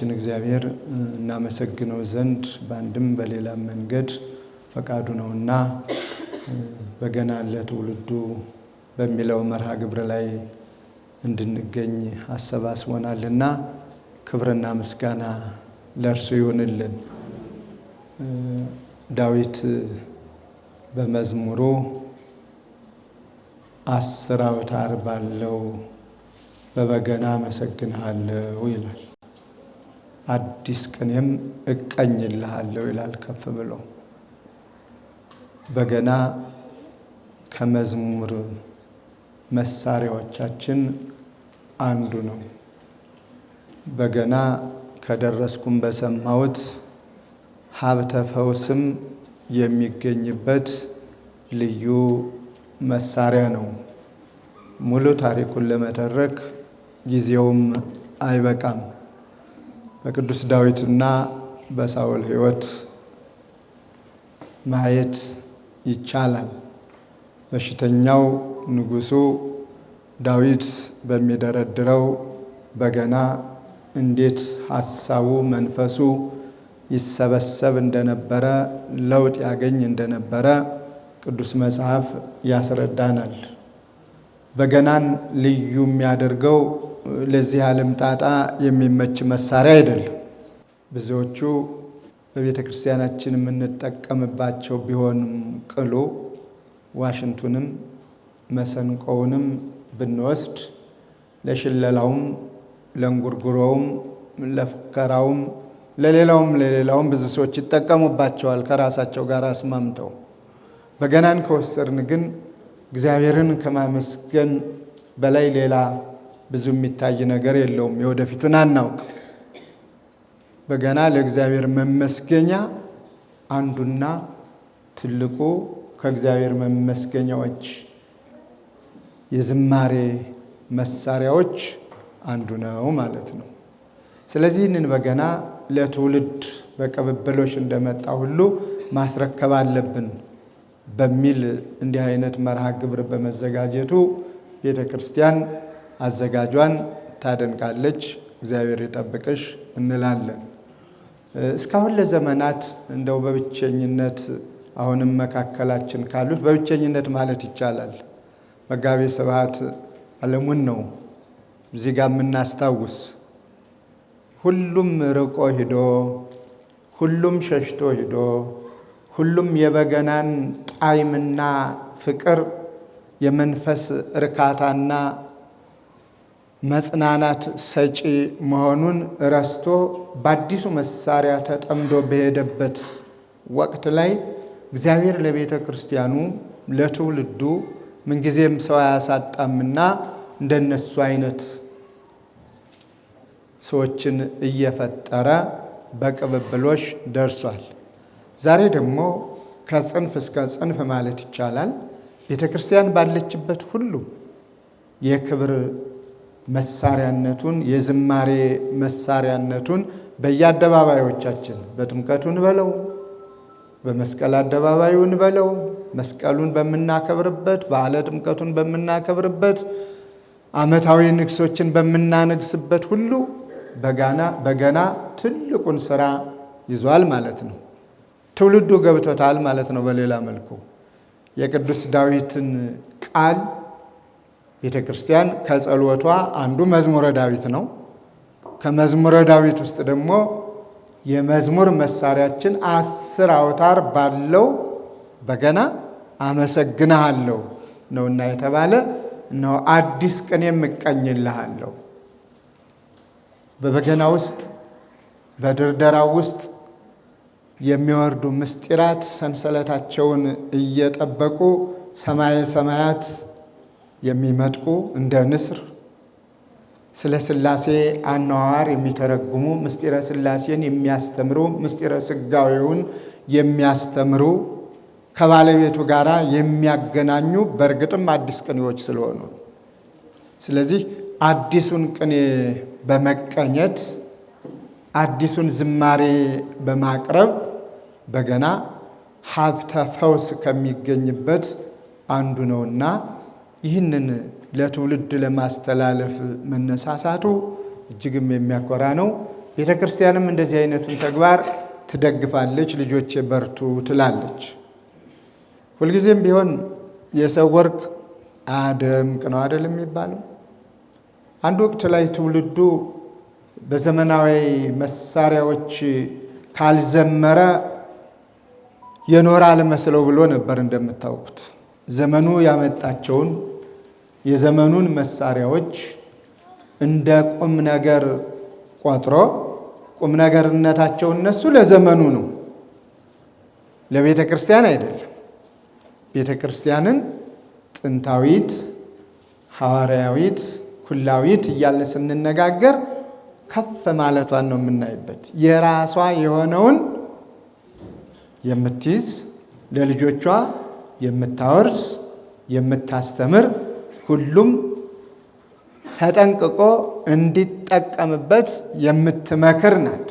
አምላካችን እግዚአብሔር እናመሰግነው ዘንድ በአንድም በሌላ መንገድ ፈቃዱ ነውና በገና ለትውልዱ በሚለው መርሃ ግብር ላይ እንድንገኝ አሰባስቦናልና ክብርና ምስጋና ለእርሱ ይሁንልን። ዳዊት በመዝሙሩ አስር አውታር ባለው በበገና አመሰግንሃለሁ ይላል። አዲስ ቅኔም እቀኝልሃለሁ ይላል ከፍ ብሎ በገና ከመዝሙር መሳሪያዎቻችን አንዱ ነው። በገና ከደረስኩም በሰማሁት ሀብተ ፈውስም የሚገኝበት ልዩ መሳሪያ ነው። ሙሉ ታሪኩን ለመተረክ ጊዜውም አይበቃም። በቅዱስ ዳዊትና በሳውል ሕይወት ማየት ይቻላል። በሽተኛው ንጉሱ ዳዊት በሚደረድረው በገና እንዴት ሀሳቡ መንፈሱ ይሰበሰብ እንደነበረ ለውጥ ያገኝ እንደነበረ ቅዱስ መጽሐፍ ያስረዳናል። በገናን ልዩ የሚያደርገው ለዚህ ዓለም ጣጣ የሚመች መሳሪያ አይደለም። ብዙዎቹ በቤተ ክርስቲያናችን የምንጠቀምባቸው ቢሆንም ቅሉ ዋሽንቱንም መሰንቆውንም ብንወስድ ለሽለላውም ለእንጉርጉሮውም ለፉከራውም ለሌላውም ለሌላውም ብዙ ሰዎች ይጠቀሙባቸዋል ከራሳቸው ጋር አስማምተው። በገናን ከወሰድን ግን እግዚአብሔርን ከማመስገን በላይ ሌላ ብዙ የሚታይ ነገር የለውም። የወደፊቱን አናውቅ። በገና ለእግዚአብሔር መመስገኛ አንዱና ትልቁ ከእግዚአብሔር መመስገኛዎች የዝማሬ መሳሪያዎች አንዱ ነው ማለት ነው። ስለዚህ ይህንን በገና ለትውልድ በቅብብሎች እንደመጣ ሁሉ ማስረከብ አለብን በሚል እንዲህ አይነት መርሃ ግብር በመዘጋጀቱ ቤተ ክርስቲያን አዘጋጇን ታደንቃለች። እግዚአብሔር ይጠብቅሽ እንላለን። እስካሁን ለዘመናት እንደው በብቸኝነት አሁንም መካከላችን ካሉት በብቸኝነት ማለት ይቻላል መጋቤ ስብሐት ዓለሙን ነው እዚህ ጋር የምናስታውስ። ሁሉም ርቆ ሂዶ፣ ሁሉም ሸሽቶ ሂዶ፣ ሁሉም የበገናን ጣዕምና ፍቅር የመንፈስ እርካታና መጽናናት ሰጪ መሆኑን ረስቶ በአዲሱ መሳሪያ ተጠምዶ በሄደበት ወቅት ላይ እግዚአብሔር ለቤተ ክርስቲያኑ ለትውልዱ ምንጊዜም ሰው አያሳጣምና እንደነሱ አይነት ሰዎችን እየፈጠረ በቅብብሎች ደርሷል። ዛሬ ደግሞ ከጽንፍ እስከ ጽንፍ ማለት ይቻላል ቤተ ክርስቲያን ባለችበት ሁሉ የክብር መሳሪያነቱን የዝማሬ መሳሪያነቱን በየአደባባዮቻችን በጥምቀቱን በለው በመስቀል አደባባዩን በለው መስቀሉን በምናከብርበት በዓለ ጥምቀቱን በምናከብርበት ዓመታዊ ንግሶችን በምናነግስበት ሁሉ በጋና በገና ትልቁን ስራ ይዟል ማለት ነው። ትውልዱ ገብቶታል ማለት ነው። በሌላ መልኩ የቅዱስ ዳዊትን ቃል ቤተ ክርስቲያን ከጸሎቷ አንዱ መዝሙረ ዳዊት ነው። ከመዝሙረ ዳዊት ውስጥ ደግሞ የመዝሙር መሳሪያችን አስር አውታር ባለው በገና አመሰግንሃለሁ ነውና የተባለ ነው። አዲስ ቅኔ የምቀኝልሃለሁ በበገና ውስጥ በድርደራው ውስጥ የሚወርዱ ምስጢራት ሰንሰለታቸውን እየጠበቁ ሰማየ ሰማያት የሚመጥቁ እንደ ንስር ስለ ስላሴ አነዋዋር የሚተረጉሙ ምስጢረ ስላሴን የሚያስተምሩ ምስጢረ ስጋዊውን የሚያስተምሩ ከባለቤቱ ጋር የሚያገናኙ በእርግጥም አዲስ ቅኔዎች ስለሆኑ ስለዚህ አዲሱን ቅኔ በመቀኘት አዲሱን ዝማሬ በማቅረብ በገና ሀብተ ፈውስ ከሚገኝበት አንዱ ነውና ይህንን ለትውልድ ለማስተላለፍ መነሳሳቱ እጅግም የሚያኮራ ነው። ቤተ ክርስቲያንም እንደዚህ አይነቱን ተግባር ትደግፋለች፣ ልጆች በርቱ ትላለች። ሁልጊዜም ቢሆን የሰው ወርቅ አደም ነው አደል የሚባለው። አንድ ወቅት ላይ ትውልዱ በዘመናዊ መሳሪያዎች ካልዘመረ የኖረ አልመስለው ብሎ ነበር። እንደምታውቁት ዘመኑ ያመጣቸውን የዘመኑን መሳሪያዎች እንደ ቁም ነገር ቆጥሮ ቁም ነገርነታቸው እነሱ ለዘመኑ ነው፣ ለቤተ ክርስቲያን አይደለም። ቤተ ክርስቲያንን ጥንታዊት፣ ሐዋርያዊት፣ ኩላዊት እያለ ስንነጋገር ከፍ ማለቷን ነው የምናይበት። የራሷ የሆነውን የምትይዝ ለልጆቿ የምታወርስ የምታስተምር ሁሉም ተጠንቅቆ እንዲጠቀምበት የምትመክር ናት።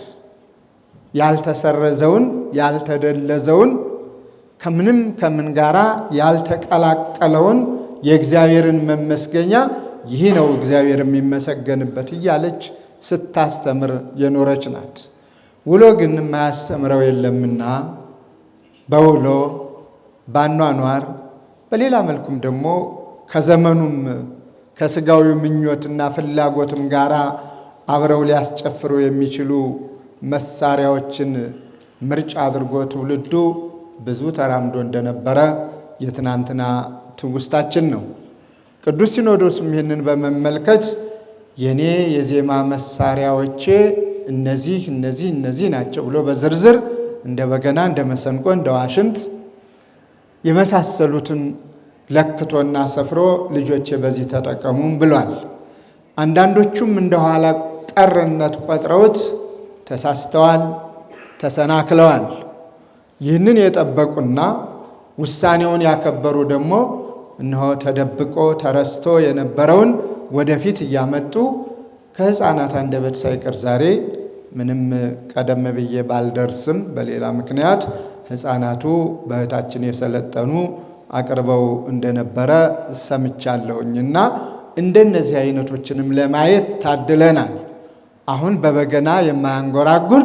ያልተሰረዘውን ያልተደለዘውን ከምንም ከምን ጋራ ያልተቀላቀለውን የእግዚአብሔርን መመስገኛ ይህ ነው እግዚአብሔር የሚመሰገንበት እያለች ስታስተምር የኖረች ናት። ውሎ ግን የማያስተምረው የለምና በውሎ በኗኗር በሌላ መልኩም ደግሞ ከዘመኑም ከስጋዊ ምኞትና ፍላጎትም ጋር አብረው ሊያስጨፍሩ የሚችሉ መሳሪያዎችን ምርጫ አድርጎ ትውልዱ ብዙ ተራምዶ እንደነበረ የትናንትና ትውስታችን ነው። ቅዱስ ሲኖዶስም ይህንን በመመልከት የኔ የዜማ መሳሪያዎቼ እነዚህ እነዚህ እነዚህ ናቸው ብሎ በዝርዝር እንደ በገና፣ እንደ መሰንቆ፣ እንደ ዋሽንት የመሳሰሉትን ለክቶና ሰፍሮ ልጆቼ በዚህ ተጠቀሙም ብሏል። አንዳንዶቹም እንደኋላ ቀርነት ቆጥረውት ተሳስተዋል፣ ተሰናክለዋል። ይህንን የጠበቁና ውሳኔውን ያከበሩ ደግሞ እነሆ ተደብቆ ተረስቶ የነበረውን ወደፊት እያመጡ ከሕፃናት አንደበት ሳይቀር ዛሬ ምንም ቀደም ብዬ ባልደርስም በሌላ ምክንያት ሕፃናቱ በእህታችን የሰለጠኑ አቅርበው እንደነበረ ሰምቻለሁኝና እንደነዚህ አይነቶችንም ለማየት ታድለናል። አሁን በበገና የማያንጎራጉር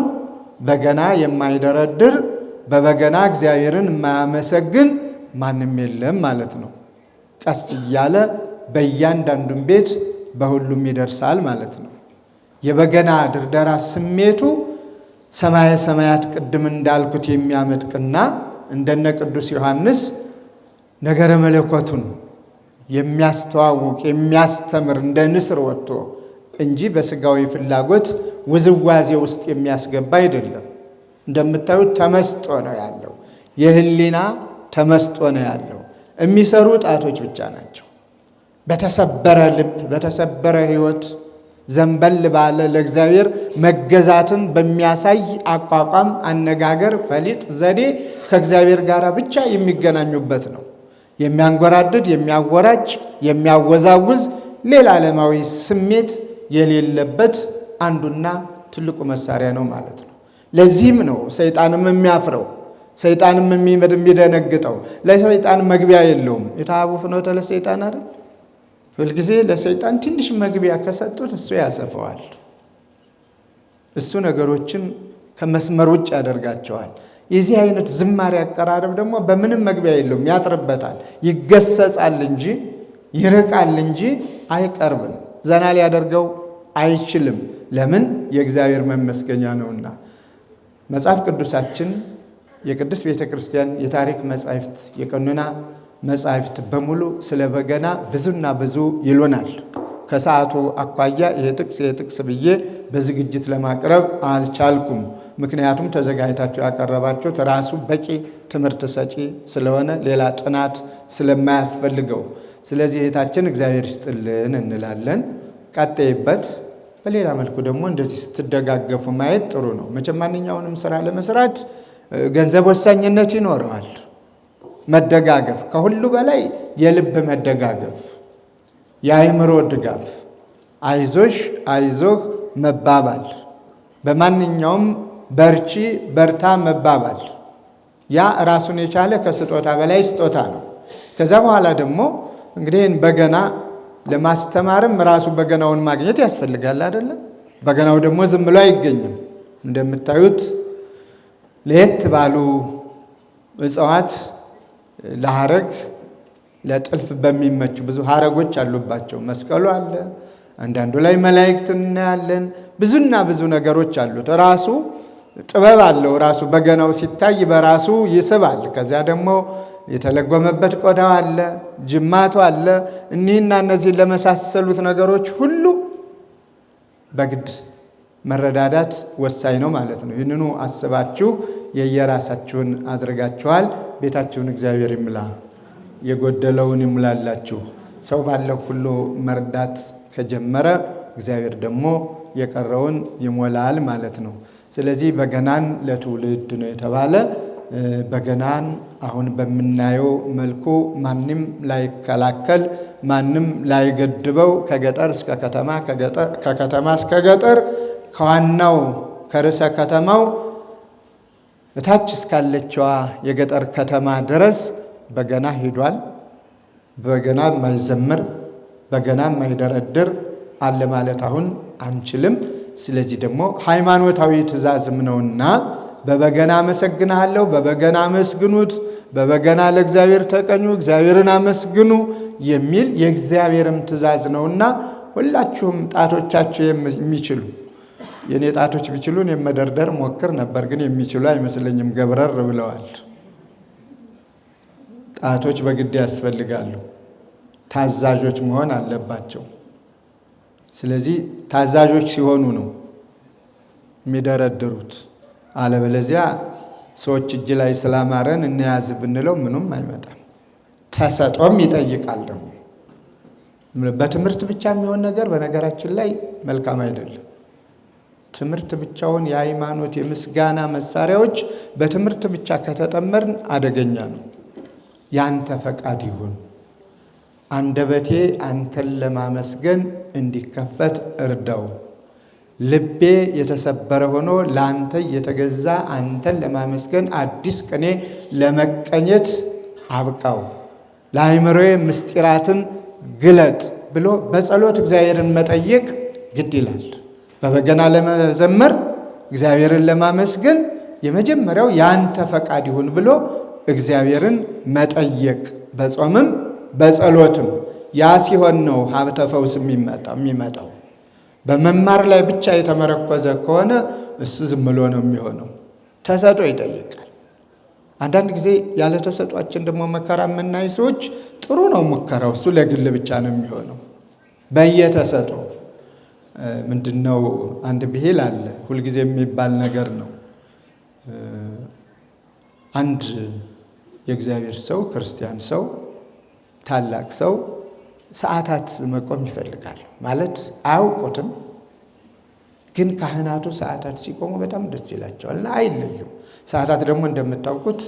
በገና የማይደረድር በበገና እግዚአብሔርን የማያመሰግን ማንም የለም ማለት ነው። ቀስ እያለ በእያንዳንዱም ቤት በሁሉም ይደርሳል ማለት ነው። የበገና ድርደራ ስሜቱ ሰማየ ሰማያት ቅድም እንዳልኩት የሚያመጥቅና እንደነ ቅዱስ ዮሐንስ ነገረ መለኮቱን የሚያስተዋውቅ የሚያስተምር እንደ ንስር ወጥቶ እንጂ በስጋዊ ፍላጎት ውዝዋዜ ውስጥ የሚያስገባ አይደለም። እንደምታዩት ተመስጦ ነው ያለው። የህሊና ተመስጦ ነው ያለው። የሚሰሩ ጣቶች ብቻ ናቸው። በተሰበረ ልብ፣ በተሰበረ ህይወት ዘንበል ባለ ለእግዚአብሔር መገዛትን በሚያሳይ አቋቋም፣ አነጋገር፣ ፈሊጥ፣ ዘዴ ከእግዚአብሔር ጋር ብቻ የሚገናኙበት ነው። የሚያንጎራድድ፣ የሚያወራጭ፣ የሚያወዛውዝ ሌላ ዓለማዊ ስሜት የሌለበት አንዱና ትልቁ መሳሪያ ነው ማለት ነው። ለዚህም ነው ሰይጣንም የሚያፍረው ሰይጣንም የሚደነግጠው። ለሰይጣን መግቢያ የለውም። የተሃቡ ፍኖተ ለሰይጣን አይደል? ሁልጊዜ ለሰይጣን ትንሽ መግቢያ ከሰጡት እሱ ያሰፈዋል። እሱ ነገሮችን ከመስመር ውጭ ያደርጋቸዋል። የዚህ አይነት ዝማሬ አቀራረብ ደግሞ በምንም መግቢያ የለውም። ያጥርበታል፣ ይገሰጻል እንጂ ይርቃል እንጂ አይቀርብም። ዘና ሊያደርገው አይችልም። ለምን? የእግዚአብሔር መመስገኛ ነውና። መጽሐፍ ቅዱሳችን የቅድስት ቤተ ክርስቲያን የታሪክ መጻሕፍት፣ የቀኖና መጻሕፍት በሙሉ ስለ በገና ብዙና ብዙ ይሉናል። ከሰዓቱ አኳያ ይህ የጥቅስ ብዬ በዝግጅት ለማቅረብ አልቻልኩም። ምክንያቱም ተዘጋጅታችሁ ያቀረባችሁት ራሱ በቂ ትምህርት ሰጪ ስለሆነ ሌላ ጥናት ስለማያስፈልገው፣ ስለዚህ እህታችን እግዚአብሔር ይስጥልን እንላለን። ቀጤበት በሌላ መልኩ ደግሞ እንደዚህ ስትደጋገፉ ማየት ጥሩ ነው። መቼም ማንኛውንም ስራ ለመስራት ገንዘብ ወሳኝነት ይኖረዋል። መደጋገፍ፣ ከሁሉ በላይ የልብ መደጋገፍ፣ የአእምሮ ድጋፍ፣ አይዞሽ አይዞህ መባባል በማንኛውም በርቺ በርታ መባባል ያ ራሱን የቻለ ከስጦታ በላይ ስጦታ ነው። ከዛ በኋላ ደግሞ እንግዲህን በገና ለማስተማርም ራሱ በገናውን ማግኘት ያስፈልጋል አይደለም። በገናው ደግሞ ዝም ብሎ አይገኝም። እንደምታዩት ለየት ባሉ እጽዋት ለሀረግ ለጥልፍ በሚመቹ ብዙ ሀረጎች አሉባቸው። መስቀሉ አለ፣ አንዳንዱ ላይ መላእክት እናያለን። ብዙና ብዙ ነገሮች አሉት ራሱ ጥበብ አለው። ራሱ በገናው ሲታይ በራሱ ይስባል። ከዚያ ደግሞ የተለጎመበት ቆዳው አለ፣ ጅማቱ አለ። እኒህና እነዚህን ለመሳሰሉት ነገሮች ሁሉ በግድ መረዳዳት ወሳኝ ነው ማለት ነው። ይህንኑ አስባችሁ የየራሳችሁን አድርጋችኋል። ቤታችሁን እግዚአብሔር ይምላ፣ የጎደለውን ይሙላላችሁ። ሰው ባለው ሁሉ መርዳት ከጀመረ እግዚአብሔር ደግሞ የቀረውን ይሞላል ማለት ነው። ስለዚህ በገናን ለትውልድ ነው የተባለ። በገናን አሁን በምናየው መልኩ ማንም ላይከላከል ማንም ላይገድበው ከገጠር እስከ ከተማ ከከተማ እስከ ገጠር ከዋናው ከርዕሰ ከተማው እታች እስካለችዋ የገጠር ከተማ ድረስ በገና ሂዷል። በገና የማይዘምር በገና የማይደረድር አለ ማለት አሁን አንችልም። ስለዚህ ደግሞ ሃይማኖታዊ ትእዛዝም ነውና በበገና አመሰግንሃለሁ፣ በበገና አመስግኑት፣ በበገና ለእግዚአብሔር ተቀኙ፣ እግዚአብሔርን አመስግኑ የሚል የእግዚአብሔርም ትእዛዝ ነውና ሁላችሁም ጣቶቻቸው የሚችሉ የእኔ ጣቶች ቢችሉን የመደርደር ሞክር ነበር፣ ግን የሚችሉ አይመስለኝም። ገብረር ብለዋል። ጣቶች በግድ ያስፈልጋሉ። ታዛዦች መሆን አለባቸው። ስለዚህ ታዛዦች ሲሆኑ ነው የሚደረድሩት። አለበለዚያ ሰዎች እጅ ላይ ስላማረን እንያዝ ብንለው ምኑም አይመጣም። ተሰጦም ይጠይቃል። ደግሞ በትምህርት ብቻ የሚሆን ነገር በነገራችን ላይ መልካም አይደለም። ትምህርት ብቻውን የሃይማኖት የምስጋና መሳሪያዎች በትምህርት ብቻ ከተጠመርን አደገኛ ነው። ያንተ ፈቃድ ይሁን አንደበቴ አንተን ለማመስገን እንዲከፈት እርዳው። ልቤ የተሰበረ ሆኖ ለአንተ እየተገዛ አንተን ለማመስገን አዲስ ቅኔ ለመቀኘት አብቃው። ለአእምሮዬ ምስጢራትን ግለጥ ብሎ በጸሎት እግዚአብሔርን መጠየቅ ግድ ይላል። በበገና ለመዘመር እግዚአብሔርን ለማመስገን የመጀመሪያው የአንተ ፈቃድ ይሁን ብሎ እግዚአብሔርን መጠየቅ በጾምም በጸሎትም ያ ሲሆን ነው ሀብተ ፈውስ የሚመጣው። በመማር ላይ ብቻ የተመረኮዘ ከሆነ እሱ ዝም ብሎ ነው የሚሆነው። ተሰጦ ይጠይቃል። አንዳንድ ጊዜ ያለ ተሰጧችን ደግሞ መከራ የምናይ ሰዎች ጥሩ ነው ሙከራው፣ እሱ ለግል ብቻ ነው የሚሆነው። በየተሰጦ ምንድነው አንድ ብሂል አለ፣ ሁልጊዜ የሚባል ነገር ነው። አንድ የእግዚአብሔር ሰው ክርስቲያን ሰው ታላቅ ሰው ሰዓታት መቆም ይፈልጋል። ማለት አያውቁትም፣ ግን ካህናቱ ሰዓታት ሲቆሙ በጣም ደስ ይላቸዋል እና አይለዩም። ሰዓታት ደግሞ እንደምታውቁት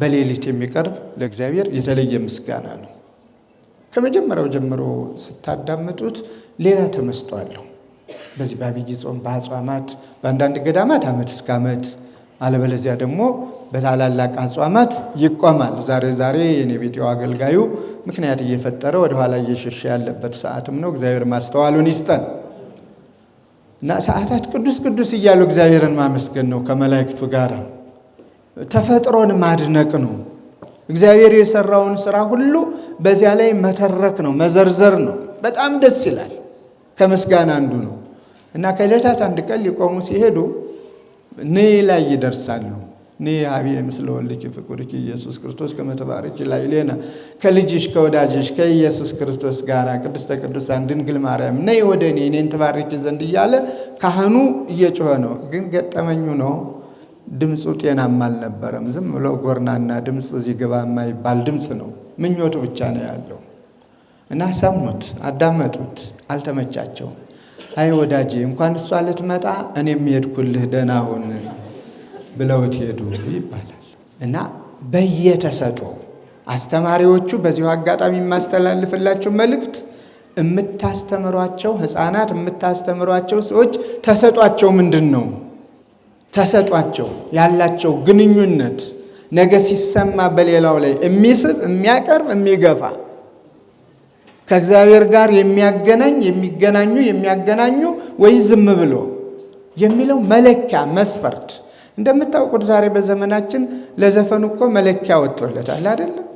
በሌሊት የሚቀርብ ለእግዚአብሔር የተለየ ምስጋና ነው። ከመጀመሪያው ጀምሮ ስታዳምጡት ሌላ ተመስጦ አለው። በዚህ በአብይ ጾም፣ በአጽዋማት፣ በአንዳንድ ገዳማት ዓመት እስከ ዓመት አለበለዚያ ደግሞ በታላላቅ አጽዋማት ይቆማል። ዛሬ ዛሬ የኔ ቢጤው አገልጋዩ ምክንያት እየፈጠረ ወደኋላ እየሸሸ ያለበት ሰዓትም ነው። እግዚአብሔር ማስተዋሉን ይስጠን እና ሰዓታት ቅዱስ ቅዱስ እያሉ እግዚአብሔርን ማመስገን ነው። ከመላእክቱ ጋር ተፈጥሮን ማድነቅ ነው። እግዚአብሔር የሰራውን ስራ ሁሉ በዚያ ላይ መተረክ ነው፣ መዘርዘር ነው። በጣም ደስ ይላል። ከምስጋና አንዱ ነው እና ከዕለታት አንድ ቀን ሊቆሙ ሲሄዱ ኔ ላይ ይደርሳሉ። ኔ ንያብየ ምስለ ወልድኪ ፍቁርኪ ኢየሱስ ክርስቶስ ከመ ትባረኪ ላዕሌነ ከልጅሽ ከወዳጅሽ ከኢየሱስ ክርስቶስ ጋር ቅድስተ ቅዱሳን ድንግል ማርያም ነይ ወደ እኔ እኔን ትባረኪ ዘንድ እያለ ካህኑ እየጮኸ ነው። ግን ገጠመኙ ነው፣ ድምፁ ጤናማ አልነበረም። ዝም ብሎ ጎርናና ድምፅ እዚህ ግባ የማይባል ድምፅ ነው። ምኞቱ ብቻ ነው ያለው እና ሰሙት፣ አዳመጡት፣ አልተመቻቸውም። አይ ወዳጄ እንኳን እሷ ልትመጣ እኔም የሄድኩልህ ደህና ሁን ብለውት ሄዱ ይባላል እና በየተሰጦ አስተማሪዎቹ በዚሁ አጋጣሚ የማስተላልፍላችሁ መልእክት የምታስተምሯቸው ህፃናት የምታስተምሯቸው ሰዎች ተሰጧቸው ምንድን ነው? ተሰጧቸው ያላቸው ግንኙነት ነገ ሲሰማ በሌላው ላይ የሚስብ የሚያቀርብ የሚገፋ ከእግዚአብሔር ጋር የሚያገናኝ የሚገናኙ የሚያገናኙ ወይ ዝም ብሎ የሚለው መለኪያ መስፈርት እንደምታውቁት ዛሬ በዘመናችን ለዘፈኑ እኮ መለኪያ ወጥቶለታል አይደለም?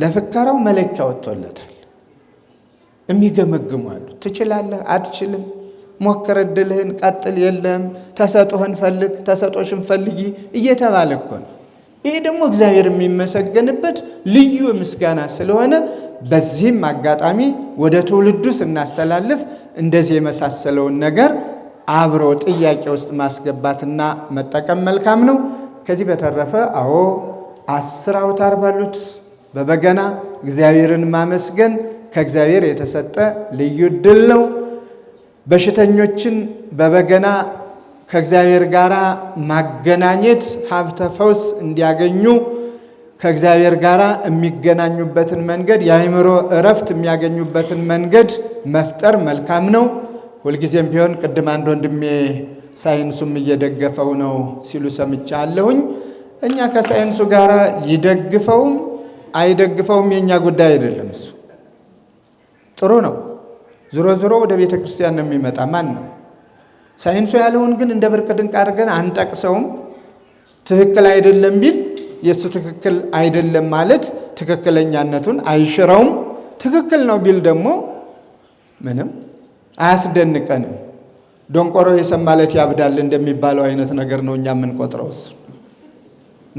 ለፍከራው መለኪያ ወጥቶለታል። የሚገመግሙ አሉ። ትችላለህ፣ አትችልም፣ ሞክር፣ እድልህን ቀጥል፣ የለም ተሰጦህን ፈልግ፣ ተሰጦሽን ፈልጊ እየተባለ እኮ ነው። ይሄ ደግሞ እግዚአብሔር የሚመሰገንበት ልዩ ምስጋና ስለሆነ በዚህም አጋጣሚ ወደ ትውልዱ ስናስተላልፍ እንደዚህ የመሳሰለውን ነገር አብሮ ጥያቄ ውስጥ ማስገባትና መጠቀም መልካም ነው። ከዚህ በተረፈ አዎ አስር አውታር ባሉት በበገና እግዚአብሔርን ማመስገን ከእግዚአብሔር የተሰጠ ልዩ ድል ነው። በሽተኞችን በበገና ከእግዚአብሔር ጋር ማገናኘት ሀብተ ፈውስ እንዲያገኙ ከእግዚአብሔር ጋር የሚገናኙበትን መንገድ የአእምሮ እረፍት የሚያገኙበትን መንገድ መፍጠር መልካም ነው። ሁልጊዜም ቢሆን ቅድም አንድ ወንድሜ ሳይንሱም እየደገፈው ነው ሲሉ ሰምቻለሁኝ። እኛ ከሳይንሱ ጋር ይደግፈውም አይደግፈውም የእኛ ጉዳይ አይደለም። እሱ ጥሩ ነው። ዞሮ ዞሮ ወደ ቤተ ክርስቲያን ነው የሚመጣ ማን ነው። ሳይንሱ ያለውን ግን እንደ ብርቅ ድንቅ አድርገን አንጠቅሰውም። ትክክል አይደለም ቢል የእሱ ትክክል አይደለም ማለት ትክክለኛነቱን አይሽረውም። ትክክል ነው ቢል ደግሞ ምንም አያስደንቀንም። ደንቆሮ የሰማ ማለት ያብዳል እንደሚባለው አይነት ነገር ነው እኛ የምንቆጥረው።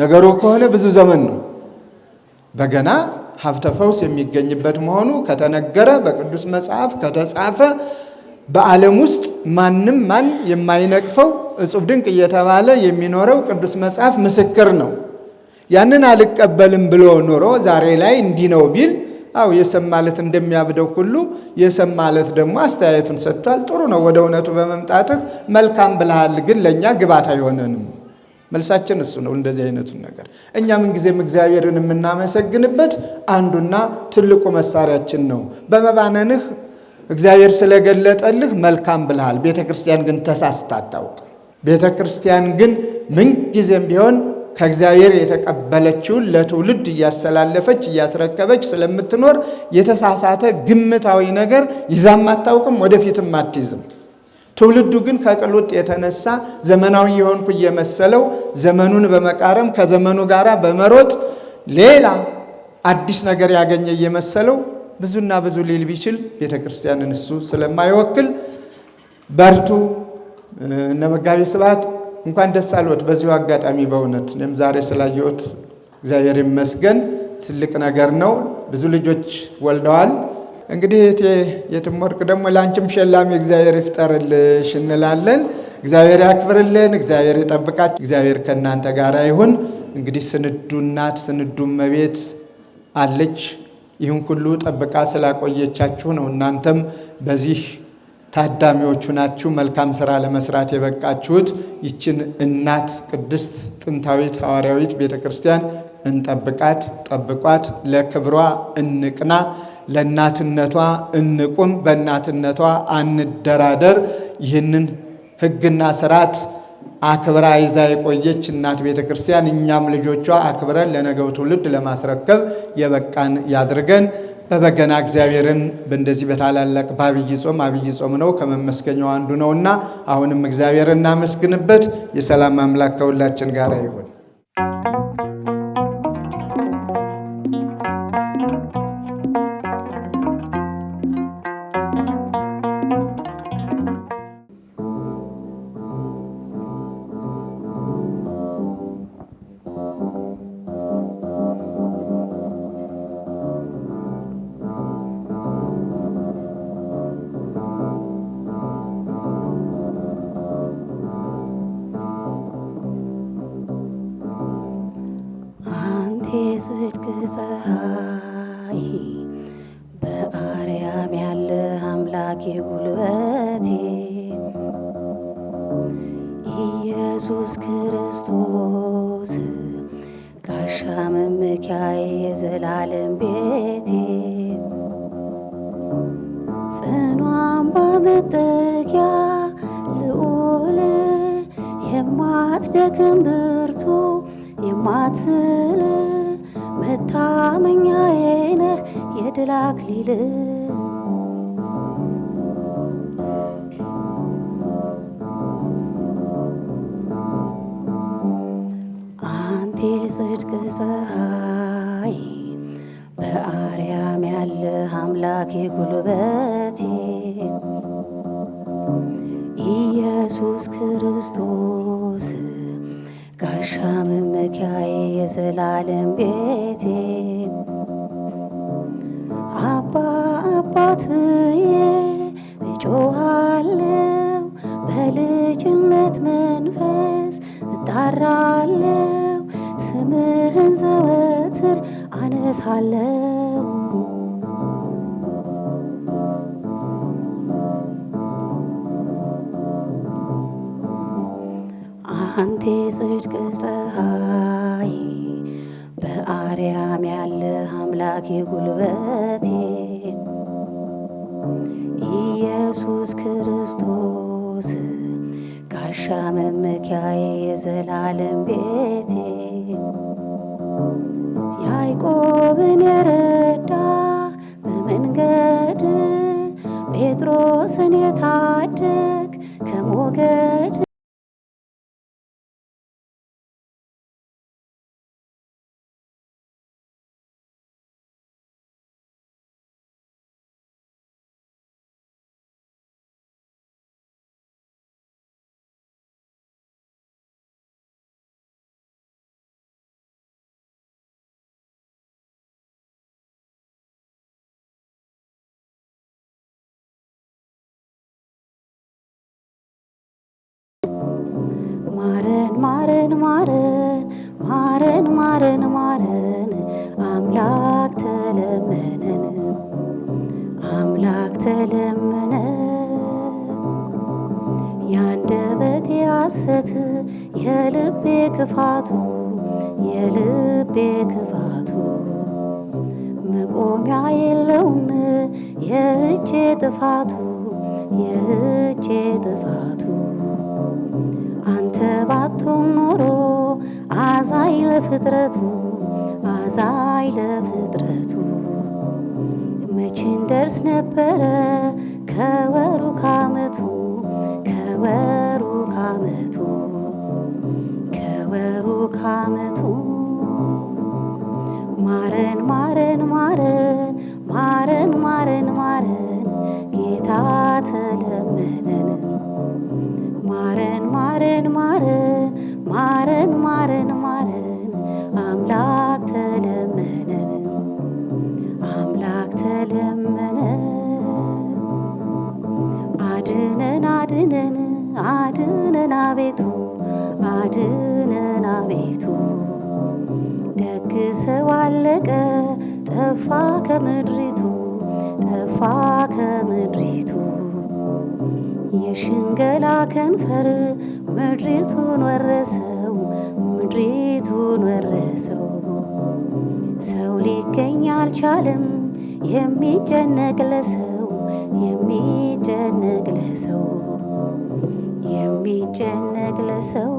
ነገሩ ከሆነ ብዙ ዘመን ነው። በገና ሀብተ ፈውስ የሚገኝበት መሆኑ ከተነገረ በቅዱስ መጽሐፍ ከተጻፈ በዓለም ውስጥ ማንም ማን የማይነቅፈው እጹብ ድንቅ እየተባለ የሚኖረው ቅዱስ መጽሐፍ ምስክር ነው። ያንን አልቀበልም ብሎ ኖሮ ዛሬ ላይ እንዲህ ነው ቢል አው የሰም ማለት እንደሚያብደው ሁሉ የሰም ማለት ደግሞ አስተያየቱን ሰጥቷል። ጥሩ ነው፣ ወደ እውነቱ በመምጣትህ መልካም ብለሃል፣ ግን ለእኛ ግባት አይሆነንም። መልሳችን እሱ ነው። እንደዚህ አይነቱን ነገር እኛ ምንጊዜም እግዚአብሔርን የምናመሰግንበት አንዱና ትልቁ መሳሪያችን ነው። በመባነንህ እግዚአብሔር ስለገለጠልህ መልካም ብለሃል። ቤተ ክርስቲያን ግን ተሳስታ አታውቅ። ቤተ ክርስቲያን ግን ምንጊዜም ቢሆን ከእግዚአብሔር የተቀበለችውን ለትውልድ እያስተላለፈች እያስረከበች ስለምትኖር የተሳሳተ ግምታዊ ነገር ይዛም አታውቅም፣ ወደፊትም አትይዝም። ትውልዱ ግን ከቅሉጥ የተነሳ ዘመናዊ የሆንኩ እየመሰለው ዘመኑን በመቃረም ከዘመኑ ጋር በመሮጥ ሌላ አዲስ ነገር ያገኘ እየመሰለው ብዙና ብዙ ሊል ቢችል ቤተ ክርስቲያንን እሱ ስለማይወክል በርቱ እነ መጋቤ ስብሐት እንኳን ደስ አልወት። በዚሁ አጋጣሚ በእውነት እኔም ዛሬ ስላየሁት እግዚአብሔር ይመስገን። ትልቅ ነገር ነው። ብዙ ልጆች ወልደዋል። እንግዲህ የትም ወርቅ ደግሞ ለአንቺም ሸላሚ እግዚአብሔር ይፍጠርልሽ እንላለን። እግዚአብሔር ያክብርልን፣ እግዚአብሔር ይጠብቃችሁ፣ እግዚአብሔር ከእናንተ ጋር ይሁን። እንግዲህ ስንዱ እናት ስንዱ እመቤት አለች። ይህን ሁሉ ጠብቃ ስላቆየቻችሁ ነው። እናንተም በዚህ ታዳሚዎቹ ናችሁ። መልካም ስራ ለመስራት የበቃችሁት ይችን እናት ቅድስት ጥንታዊት ሐዋርያዊት ቤተ ክርስቲያን እንጠብቃት፣ ጠብቋት፣ ለክብሯ እንቅና፣ ለእናትነቷ እንቁም፣ በእናትነቷ አንደራደር። ይህንን ሕግና ስርዓት አክብራ ይዛ የቆየች እናት ቤተ ክርስቲያን እኛም ልጆቿ አክብረን ለነገው ትውልድ ለማስረከብ የበቃን ያድርገን። በበገና እግዚአብሔርን በእንደዚህ በታላላቅ በአብይ ጾም አብይ ጾም ነው ከመመስገኛው አንዱ ነውና አሁንም እግዚአብሔር እናመስግንበት። የሰላም አምላክ ከሁላችን ጋር ይሁን። መጠጊያ ልዑል የማትደክም ብርቱ የማትል መታመኛዬ ነህ የድል አክሊል አንቲ ጽድቅ ፀሐይ በአርያም ያለ አምላኬ ጉልበት ክርስቶስ ጋሻ መመኪያዬ የዘላለም ቤቴ አባ አባት ብዬ እጮሃለው በልጅነት መንፈስ እጣራለው ስምህን ዘወትር አነሳለው አንቲ ጽድቅ ፀሐይ በአርያም ያለ አምላኬ ጉልበቴ ኢየሱስ ክርስቶስ ጋሻ መመኪያዬ የዘላለም ቤቴ ያዕቆብን የረዳ በመንገድ ጴጥሮስን የታደግ ከሞገድ ሐሰት የልቤ ክፋቱ የልቤ ክፋቱ መቆሚያ የለውም የእጄ ጥፋቱ የእጄ ጥፋቱ አንተ ባቶም ኖሮ አዛይ ለፍጥረቱ አዛይ ለፍጥረቱ መቼ ደርስ ነበረ ከወሩ ከዓመቱ ማረን ማረን ማረን ማረን ማረን ማረን ጌታ ወደቀ፣ ጠፋ ከምድሪቱ ጠፋ ከምድሪቱ። የሽንገላ ከንፈር ምድሪቱን ወረሰው ምድሪቱን ወረሰው። ሰው ሊገኝ አልቻለም የሚጨነቅ ለሰው የሚጨነቅ ለሰው የሚጨነቅ ለሰው